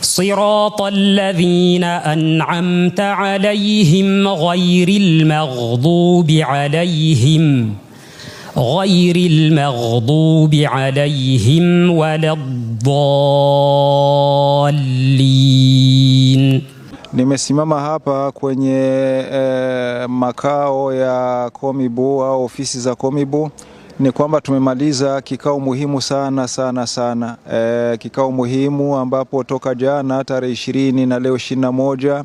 صراط الذين أنعمت عليهم غير المغضوب عليهم غير المغضوب عليهم ولا الضالين Nimesimama hapa kwenye eh, makao ya Komibu au ofisi za Komibu ni kwamba tumemaliza kikao muhimu sana sana sana, e, kikao muhimu ambapo toka jana tarehe ishirini na leo ishirini na moja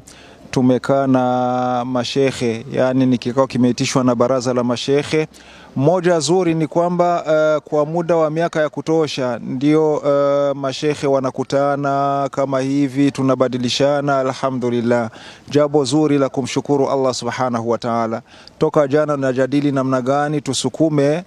tumekaa na mashehe, yaani ni kikao kimeitishwa na baraza la mashehe moja zuri ni kwamba uh, kwa muda wa miaka ya kutosha ndio uh, mashehe wanakutana kama hivi, tunabadilishana alhamdulillah, jambo zuri la kumshukuru Allah subhanahu wa ta'ala. Toka jana tunajadili namna gani tusukume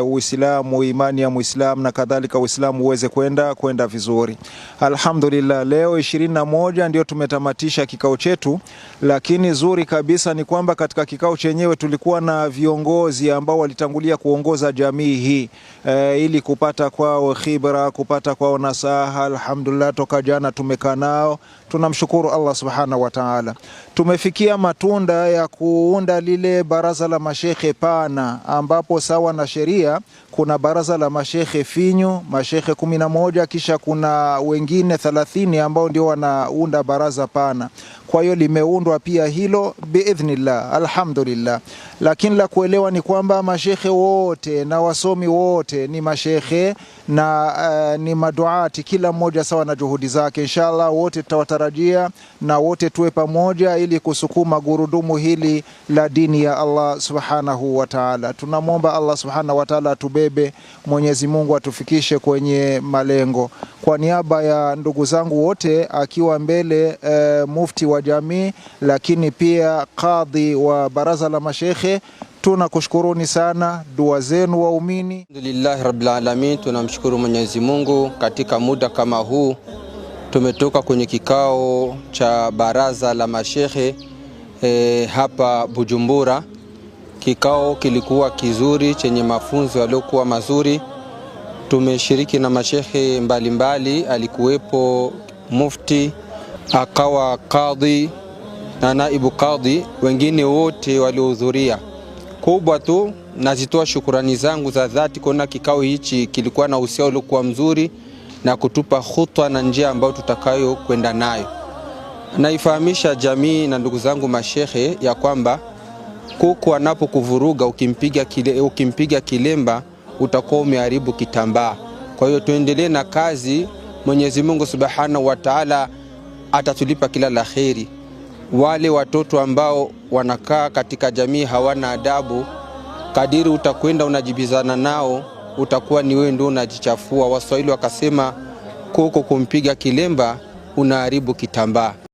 uh, Uislamu, imani ya Muislamu na kadhalika, Uislamu uweze kwenda kwenda vizuri. Alhamdulillah, leo moja ndio tumetamatisha kikao chetu, lakini zuri kabisa ni kwamba katika kikao chenyewe tulikuwa na viongozi ambao ambao walitangulia kuongoza jamii hii e, ili kupata kwao khibra, kupata kwao nasaha. Alhamdulillah, toka jana tumekaa nao, tunamshukuru Allah subhanahu wa ta'ala. Tumefikia matunda ya kuunda lile baraza la mashekhe pana, ambapo sawa na sheria kuna baraza la mashehe finyu mashehe kumi na moja kisha kuna wengine thelathini ambao ndio wanaunda baraza pana. Kwa hiyo limeundwa pia hilo biidhnillah, alhamdulillah. Lakini la kuelewa ni kwamba mashehe wote na wasomi wote ni mashehe na uh, ni maduati, kila mmoja sawa na juhudi zake. Inshallah wote tutawatarajia na wote tuwe pamoja ili kusukuma gurudumu hili la dini ya Allah subhanahu wa ta'ala. Tunamwomba Allah subhanahu wa ta'ala atube tubebe. Mwenyezi Mungu atufikishe kwenye malengo. Kwa niaba ya ndugu zangu wote, akiwa mbele e, mufti wa jamii, lakini pia kadhi wa baraza la mashehe Tunakushukuruni sana, dua zenu waumini. Alhamdulillah rabbil alamin, tunamshukuru Mwenyezi Mungu. Katika muda kama huu tumetoka kwenye kikao cha baraza la mashehe e, hapa Bujumbura. Kikao kilikuwa kizuri chenye mafunzo yaliyokuwa mazuri. Tumeshiriki na mashehe mbalimbali alikuwepo mufti akawa kadhi na naibu kadhi, wengine wote waliohudhuria. Kubwa tu nazitoa shukurani zangu za dhati kuona kikao hichi kilikuwa na uhusiano uliokuwa mzuri na kutupa khutwa na njia ambayo tutakayokwenda nayo. Naifahamisha jamii na ndugu zangu mashehe ya kwamba Kuku anapokuvuruga ukimpiga, kile, ukimpiga kilemba utakuwa umeharibu kitambaa. Kwa hiyo tuendelee na kazi. Mwenyezi Mungu Subhanahu wa Ta'ala atatulipa kila la kheri. Wale watoto ambao wanakaa katika jamii hawana adabu, kadiri utakwenda unajibizana nao, utakuwa ni wewe ndio unajichafua. Waswahili wakasema kuku kumpiga kilemba unaharibu kitambaa.